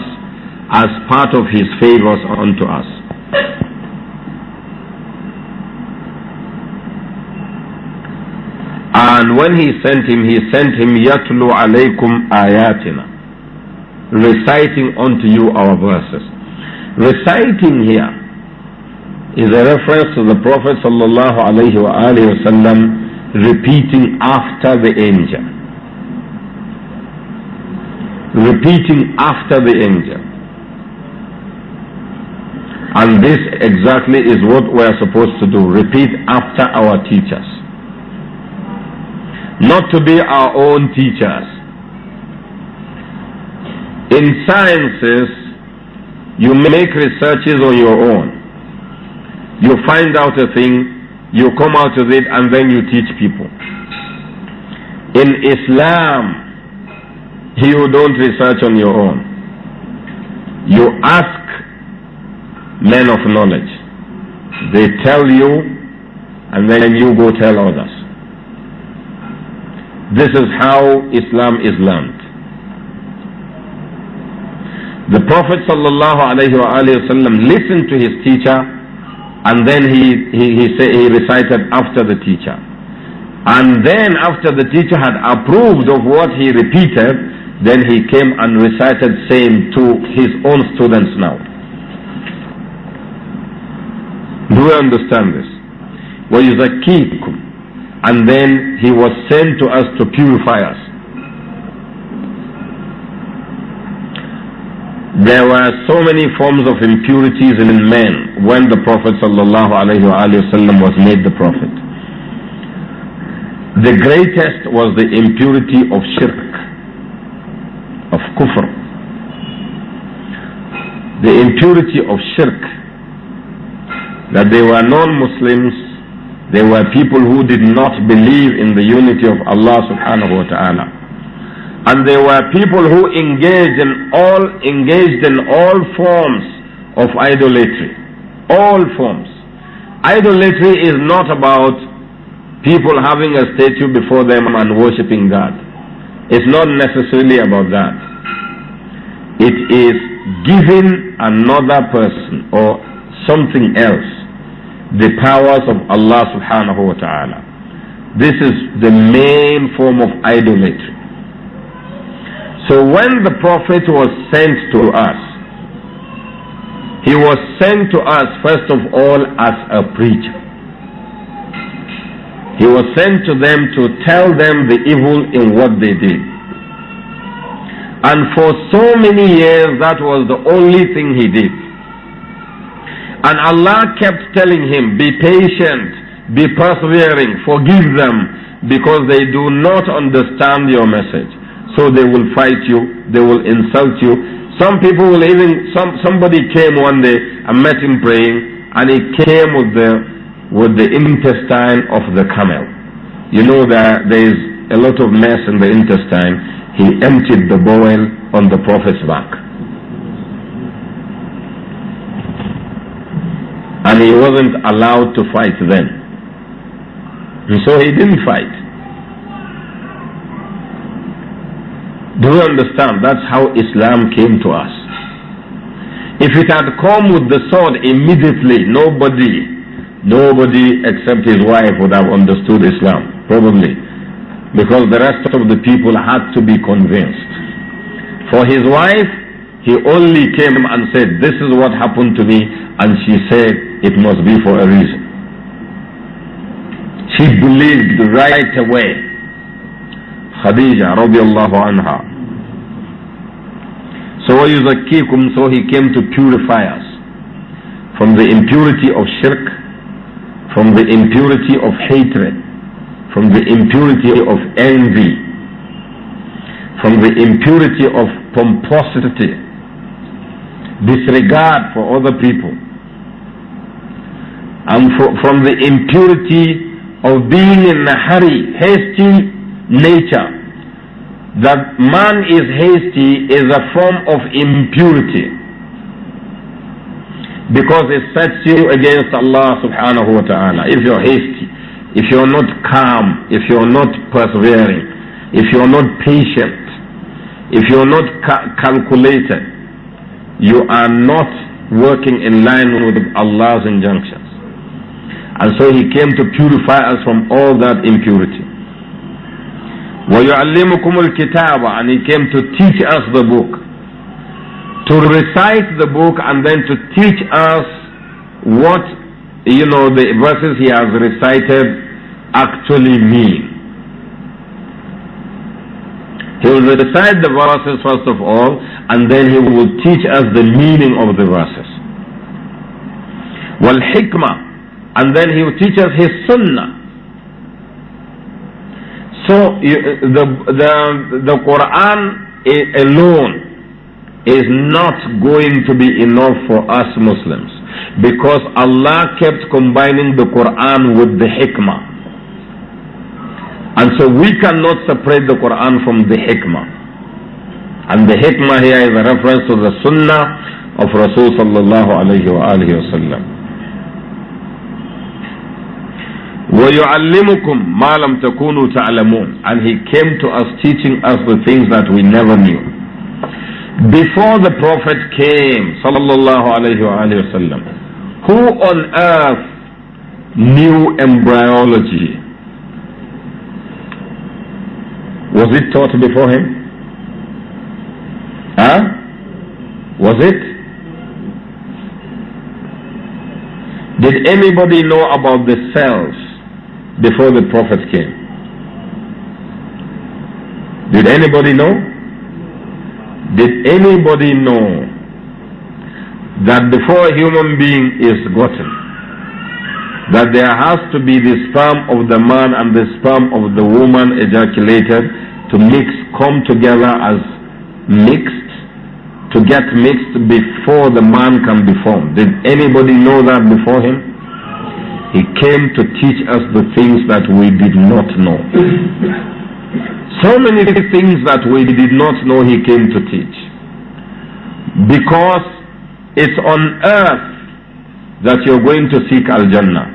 Speaker 1: as part of his favors unto us. And when he sent him, he sent him yatlu alaykum ayatina, reciting unto you our verses. Reciting here is a reference to the Prophet sallallahu alaihi wasallam repeating after the angel. Repeating after the angel. And this exactly is what we are supposed to do. Repeat after our teachers. Not to be our own teachers. In sciences, you make researches on your own. You find out a thing, you come out with it, and then you teach people. In Islam, you don't research on your own. You ask men of knowledge. They tell you, and then you go tell others. This is how Islam is learned. The Prophet ﷺ listened to his teacher and then he, he, he, say, he recited after the teacher. And then after the teacher had approved of what he repeated, then he came and recited same to his own students now. Do you understand this? وَيُزَكِّيكُمْ And then he was sent to us to purify us. There were so many forms of impurities in men when the Prophet ﷺ was made the Prophet. The greatest was the impurity of shirk, of kufr. The impurity of shirk, that they were non-Muslims, they were people who did not believe in the unity of Allah subhanahu wa ta'ala. And they were people who engaged in all, engaged in all forms of idolatry. All forms. Idolatry is not about people having a statue before them and worshipping God. It's not necessarily about that. It is giving another person or something else the powers of Allah subhanahu wa ta'ala. This is the main form of idolatry. So when the Prophet was sent to us, he was sent to us first of all as a preacher. He was sent to them to tell them the evil in what they did. And for so many years that was the only thing he did. And Allah kept telling him, be patient, be persevering, forgive them because they do not understand your message. So they will fight you, they will insult you. Some people will even, some, somebody came one day, I met him praying, and he came with the, with the intestine of the camel. You know that there is a lot of mess in the intestine. He emptied the bowl on the Prophet's back. And he wasn't allowed to fight then. And so he didn't fight. Do you understand? That's how Islam came to us. If it had come with the sword immediately, nobody, nobody except his wife would have understood Islam, probably. Because the rest of the people had to be convinced. For his wife, he only came and said, This is what happened to me, and she said, It must be for a reason. She believed right away Khadija radiallahu anha. So وَيُزَكِّيكُمْ So he came to purify us from the impurity of shirk, from the impurity of hatred, from the impurity of envy, from the impurity of pomposity, disregard for other people, and from the impurity of being in a hurry, hasty nature that man is hasty is a form of impurity because it sets you against Allah subhanahu wa ta'ala if you're hasty if you're not calm if you're not persevering if you're not patient if you're not ca calculated you are not working in line with Allah's injunctions and so he came to purify us from all that impurity وَيُعَلِّمُكُمُ الْكِتَابَ And he came to teach us the book. To recite the book and then to teach us what, you know, the verses he has recited actually mean. He will recite the verses first of all and then he will teach us the meaning of the verses. Well, hikmah and then he will teach us his sunnah so the, the, the Quran alone is not going to be enough for us Muslims because Allah kept combining the Quran with the hikmah. And so we cannot separate the Quran from the hikmah. And the hikmah here is a reference to the sunnah of Rasul sallallahu alayhi wa وَيُعَلِّمُكُمْ مَا لَمْ تَكُونُوا تَعْلَمُونَ And he came to us teaching us the things that we never knew. Before the Prophet came, sallallahu alayhi wasallam, who on earth knew embryology? Was it taught before him? Huh? Was it? Did anybody know about the cells before the prophets came. Did anybody know? Did anybody know that before a human being is gotten, that there has to be the sperm of the man and the sperm of the woman ejaculated to mix, come together as mixed, to get mixed before the man can be formed. Did anybody know that before him? He came to teach us the things that we did not know. So many things that we did not know he came to teach. Because it's on earth that you're going to seek Al Jannah.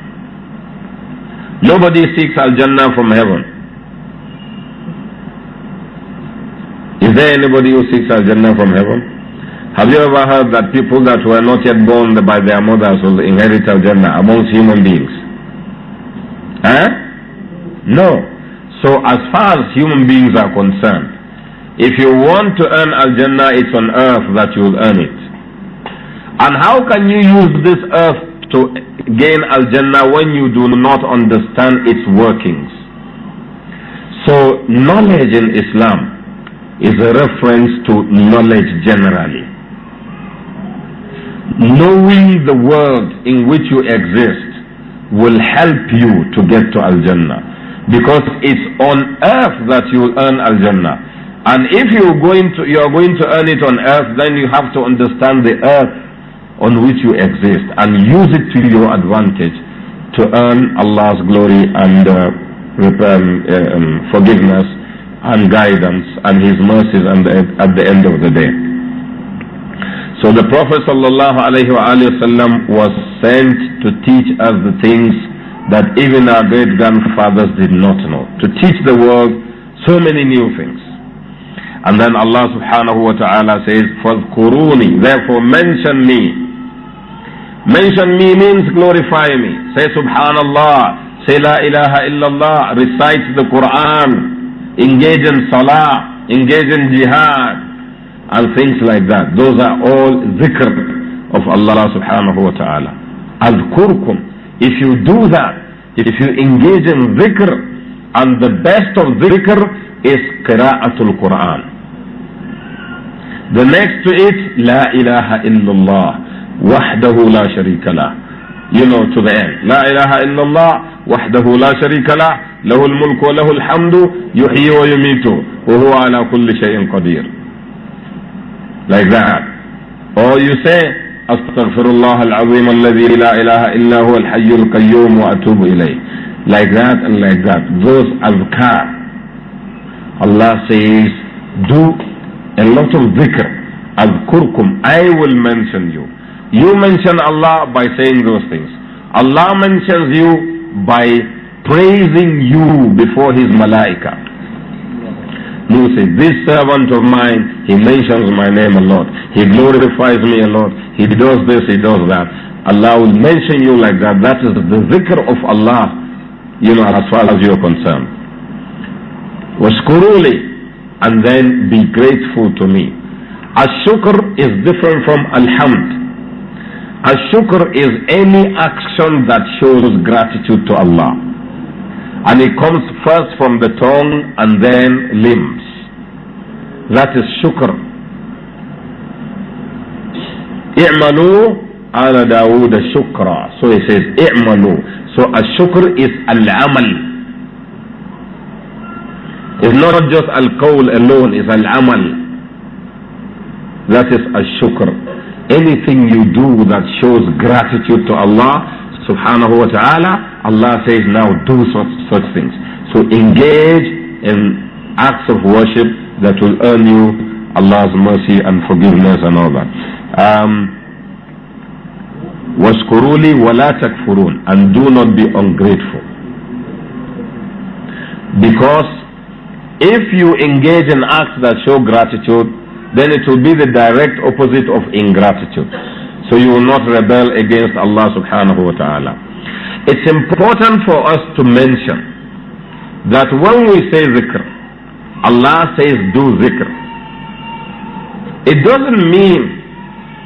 Speaker 1: Nobody seeks Al Jannah from heaven. Is there anybody who seeks Al Jannah from heaven? Have you ever heard that people that were not yet born by their mothers will inherit Jannah amongst human beings? No. So as far as human beings are concerned, if you want to earn Al-Jannah, it's on earth that you will earn it. And how can you use this earth to gain Al-Jannah when you do not understand its workings? So knowledge in Islam is a reference to knowledge generally knowing the world in which you exist will help you to get to Al-Jannah. Because it's on earth that you earn Al-Jannah. And if you're going to, you're going to earn it on earth, then you have to understand the earth on which you exist and use it to your advantage to earn Allah's glory and uh, um, um, forgiveness and guidance and His mercies and at the end of the day. So the Prophet ﷺ was sent to teach us the things that even our great grandfathers did not know. To teach the world so many new things. And then Allah subhanahu wa ta'ala says, فَذْكُرُونِي Therefore mention me. Mention me means glorify me. Say subhanallah, say la ilaha illallah, recite the Quran, engage in salah, engage in jihad, and things like that. Those are all dhikr of Allah subhanahu wa ta'ala. Adhkurkum. If you do that, if you engage in dhikr, and the best of dhikr is qira'atul Quran. The next to it, La ilaha illallah, wahdahu la sharika lah. You know, to the end. La ilaha illallah, wahdahu la sharika lah, له الملك وله الحمد يحيي ويميت وهو على كل شيء قدير like that. Or you say, أستغفر الله العظيم الذي لا إله إلا هو الحي القيوم وأتوب إليه. Like that and like that. Those azkar. Allah says, do a lot of dhikr. Azkurkum. I will mention you. You mention Allah by saying those things. Allah mentions you by praising you before His malaika. He said, This servant of mine, he mentions my name a lot. He glorifies me a lot. He does this, he does that. Allah will mention you like that. That is the zikr of Allah, you know, as far as you're concerned. Washkuruli. And then be grateful to me. Ashukr is different from alhamd. Ashukr is any action that shows gratitude to Allah and it comes first from the tongue and then limbs. That is shukr. I'malu ala Dawood shukra. So he says, I'malu. So a shukr is al-amal. It's not just al-qawl alone, it's al-amal. That is a shukr. Anything you do that shows gratitude to Allah, subhanahu wa ta'ala, Allah says now do such, such things. So engage in acts of worship that will earn you Allah's mercy and forgiveness and all that. Um, walatakfurun, And do not be ungrateful. Because if you engage in acts that show gratitude, then it will be the direct opposite of ingratitude. So you will not rebel against Allah subhanahu wa ta'ala. It's important for us to mention that when we say zikr, Allah says do zikr. It doesn't mean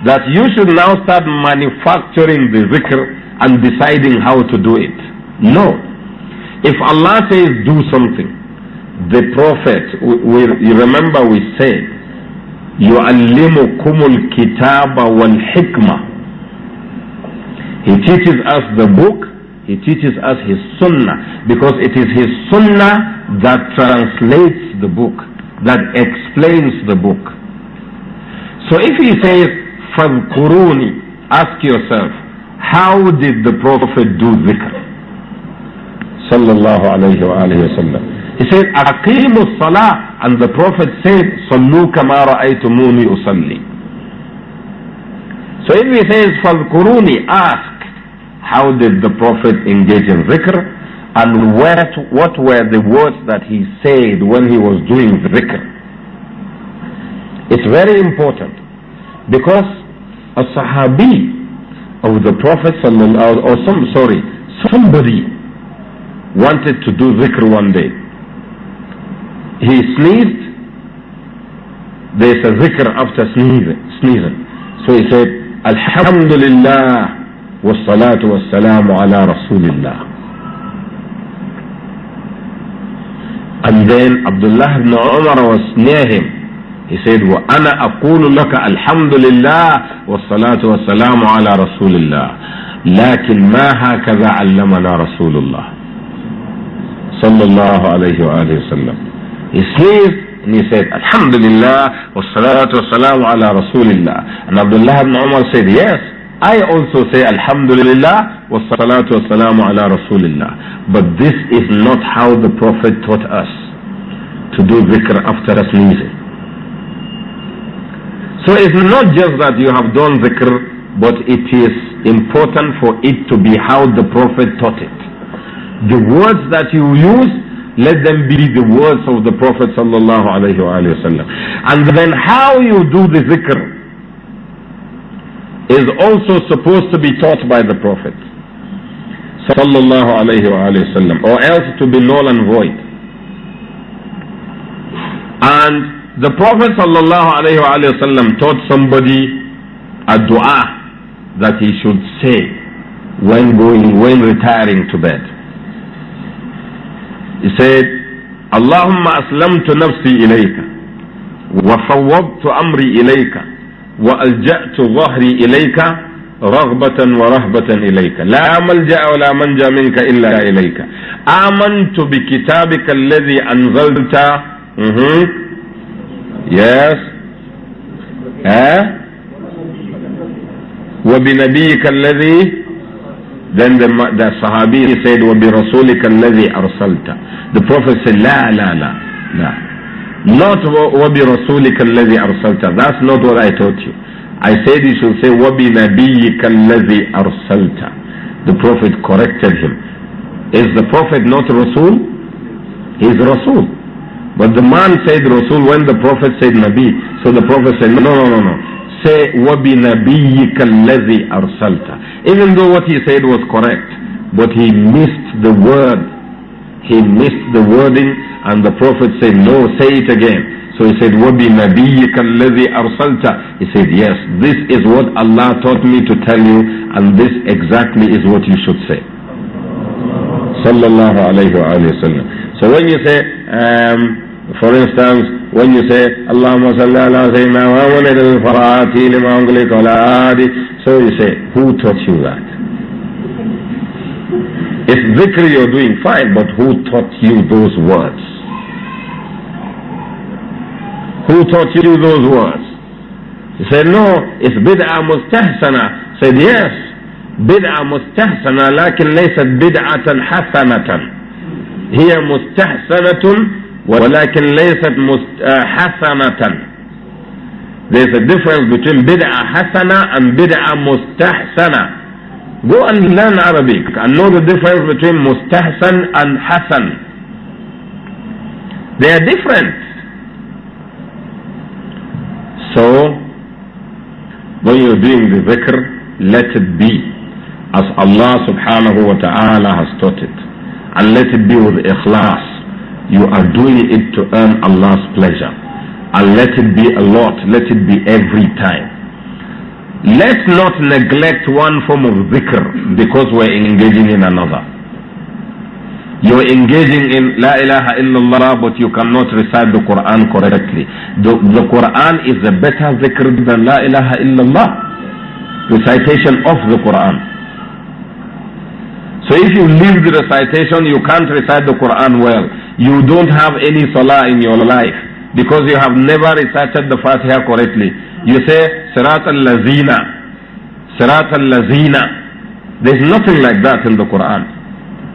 Speaker 1: that you should now start manufacturing the zikr and deciding how to do it. No. If Allah says do something, the Prophet, we, we remember we said يعلمكم الكتاب والحكمة He teaches us the book, he teaches us his sunnah, because it is his sunnah that translates the book, that explains the book. So if he says, فَذْكُرُونِ Ask yourself, how did the Prophet do dhikr? عَلَيْهِ alayhi wa He said, أَقِيمُ الصَّلَاةِ and the Prophet said, "Sallu كَمَا رَأَيْتُمُونِ أُصَلِّي So if he says, فَاذْكُرُونِ Ask, how did the Prophet engage in dhikr? And what were the words that he said when he was doing dhikr? It's very important because a sahabi of the Prophet or some, sorry, somebody wanted to do dhikr one day. he sneezed is a zikr after sneezing, sneezing. so he said الحمد لله والصلاة والسلام على رسول الله and then Abdullah ibn Umar was near him he said وأنا أقول لك الحمد لله والصلاة والسلام على رسول الله لكن ما هكذا علمنا رسول الله صلى الله عليه وآله وسلم He sneezed and he said, Alhamdulillah, wassalatu wassalamu ala Rasulillah. And Abdullah ibn Umar said, yes, I also say Alhamdulillah, wassalatu wassalamu ala Rasulillah. But this is not how the Prophet taught us to do dhikr after a sneezing. So it's not just that you have done dhikr, but it is important for it to be how the Prophet taught it. The words that you use let them be the words of the Prophet sallallahu alayhi wasallam. And then how you do the zikr is also supposed to be taught by the Prophet sallallahu alayhi wasallam, or else to be null and void. And the Prophet sallallahu alayhi wasallam taught somebody a dua that he should say when going, when retiring to bed. He said, Allahumma aslamtu nafsi ilayka, wa fawwabtu amri ilayka, wa alja'tu dhahri ilayka, رغبة ورهبة إليك لا ملجأ ولا منجا منك إلا إليك آمنت بكتابك الذي أنزلت يس ها وبنبيك الذي Then the, the Sahabi said, وَبِرَسُولِكَ الَّذِي أَرْسَلْتَ The Prophet said, La, la, la, la. Not وَبِرَسُولِكَ الَّذِي أَرْسَلْتَ. That's not what I taught you. I said you should say, وَبِنَبِيِّكَ الَّذِي أَرْسَلْتَ. The Prophet corrected him. Is the Prophet not Rasul? He's Rasul. But the man said Rasul when the Prophet said Nabi. So the Prophet said, no, no, no, no say وَبِنَبِيِّكَ الَّذِي أَرْسَلْتَ Even though what he said was correct, but he missed the word. He missed the wording and the Prophet said, no, say it again. So he said, وَبِنَبِيِّكَ الَّذِي أَرْسَلْتَ He said, yes, this is what Allah taught me to tell you and this exactly is what you should say. So when you say, um, for instance, when you say, Allahumma salli ala Sayyidina Muhammad al-Farati lima adi. So you say, who taught you that? If dhikr you're doing, fine, but who taught you those words? Who taught you those words? He said, no, it's bid'ah mustahsana. said, yes, bid'ah mustahsana, lakin laysat bid'atan hasanatan. Here mustahsanatun ولكن ليست حسنة There's a difference between bid'ah hasana and bid'ah mustahsana. Go and learn Arabic and know the difference between mustahsan and hasan. They are different. So, when you're doing the dhikr, let it be as Allah subhanahu wa ta'ala has taught it. And let it be with ikhlas. You are doing it to earn Allah's pleasure. And let it be a lot, let it be every time. Let's not neglect one form of dhikr because we're engaging in another. You're engaging in La ilaha illallah, but you cannot recite the Quran correctly. The, the Quran is a better dhikr than La ilaha illallah. Recitation of the Quran. So if you leave the recitation, you can't recite the Quran well you don't have any salah in your life because you have never recited the Fatiha correctly. You say, Sirat al-Lazina, Sirat al-Lazina. There's nothing like that in the Quran.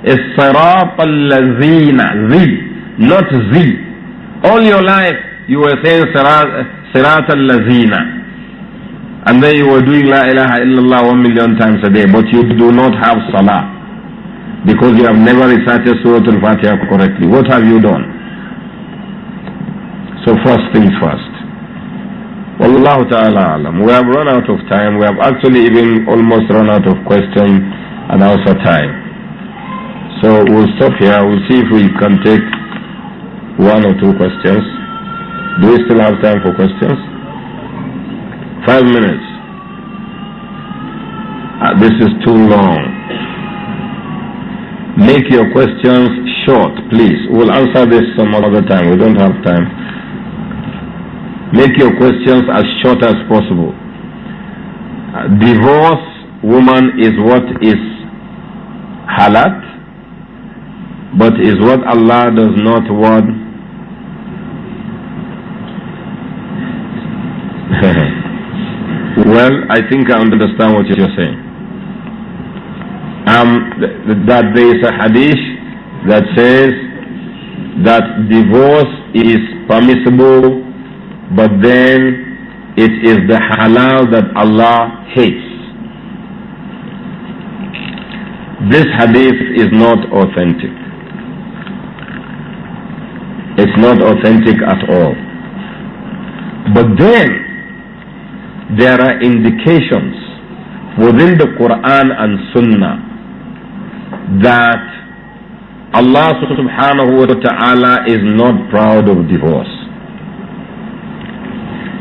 Speaker 1: It's Sirat al-Lazina, Z, not Z. All your life you were saying Sirat, sirat al-Lazina. And then you were doing La ilaha illallah one million times a day, but you do not have Salah because you have never recited Surah Al-Fatiha correctly. What have you done? So first things first. Wallahu ta'ala alam. We have run out of time. We have actually even almost run out of questions and also time. So we'll stop here. We'll see if we can take one or two questions. Do we still have time for questions? Five minutes. Uh, this is too long. Make your questions short, please. We'll answer this some other time. We don't have time. Make your questions as short as possible. Divorce woman is what is halat, but is what Allah does not want. well, I think I understand what you're saying um, th that there is a hadith that says that divorce is permissible, but then it is the halal that Allah hates. This hadith is not authentic. It's not authentic at all. But then, there are indications within the Quran and Sunnah that Allah subhanahu wa ta'ala is not proud of divorce.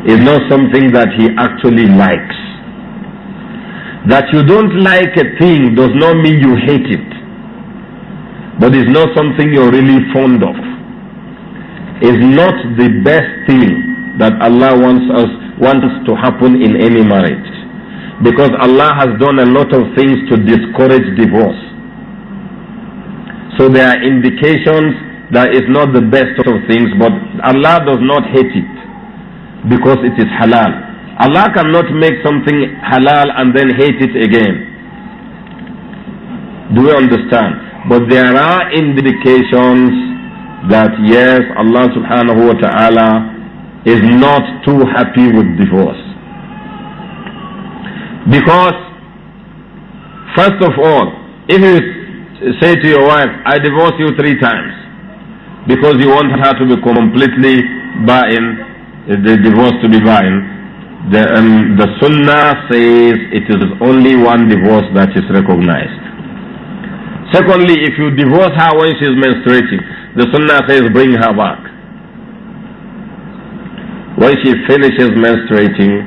Speaker 1: It's not something that He actually likes. That you don't like a thing does not mean you hate it, but it's not something you're really fond of. It's not the best thing that Allah wants us wants to happen in any marriage, because Allah has done a lot of things to discourage divorce. So there are indications that it's not the best of things, but Allah does not hate it because it is halal. Allah cannot make something halal and then hate it again. Do we understand? But there are indications that yes, Allah subhanahu wa ta'ala is not too happy with divorce. Because, first of all, if it is say to your wife, I divorce you three times because you want her to be completely buying, the divorce to be buying. The, um, the sunnah says it is only one divorce that is recognized. Secondly, if you divorce her when she is menstruating, the sunnah says bring her back. When she finishes menstruating,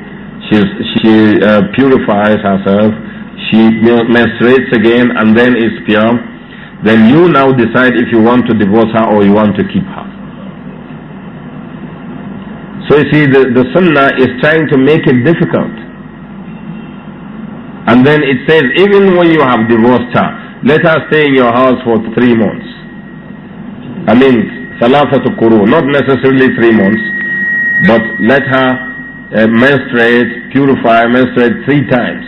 Speaker 1: she's, she uh, purifies herself she menstruates again and then is pure, then you now decide if you want to divorce her or you want to keep her. So you see, the, the sunnah is trying to make it difficult. And then it says, even when you have divorced her, let her stay in your house for three months. I mean, salatatu kuru, not necessarily three months, but let her uh, menstruate, purify, menstruate three times.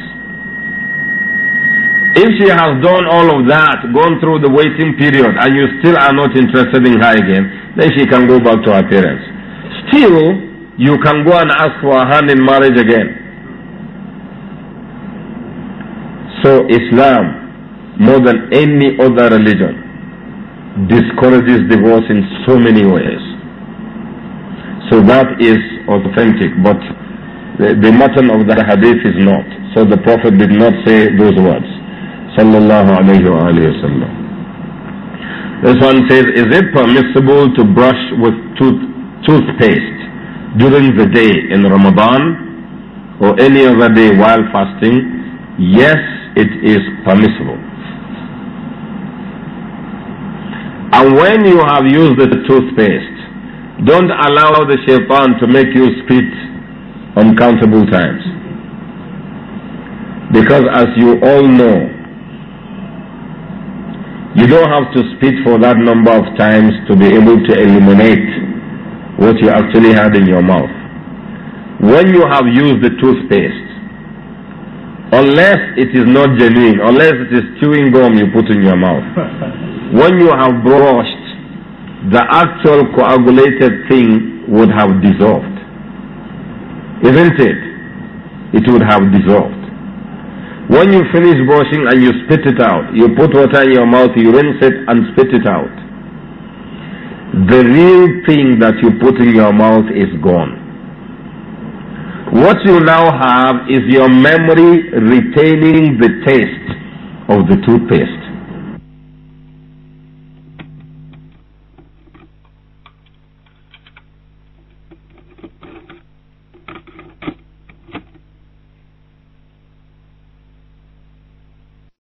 Speaker 1: If she has done all of that, gone through the waiting period, and you still are not interested in her again, then she can go back to her parents. Still, you can go and ask for a hand in marriage again. So Islam, more than any other religion, discourages divorce in so many ways. So that is authentic, but the, the of the hadith is not. So the Prophet did not say those words sallallahu alayhi wa sallam. This one says, is it permissible to brush with tooth, toothpaste during the day in Ramadan or any other day while fasting? Yes, it is permissible. And when you have used the toothpaste, don't allow the shaitan to make you spit uncountable times. Because as you all know, you don't have to spit for that number of times to be able to eliminate what you actually had in your mouth. When you have used the toothpaste, unless it is not genuine, unless it is chewing gum you put in your mouth, when you have brushed, the actual coagulated thing would have dissolved. Isn't it? It would have dissolved. When you finish brushing and you spit it out, you put water in your mouth, you rinse it and spit it out. The real thing that you put in your mouth is gone. What you now have is your memory retaining the taste of the toothpaste.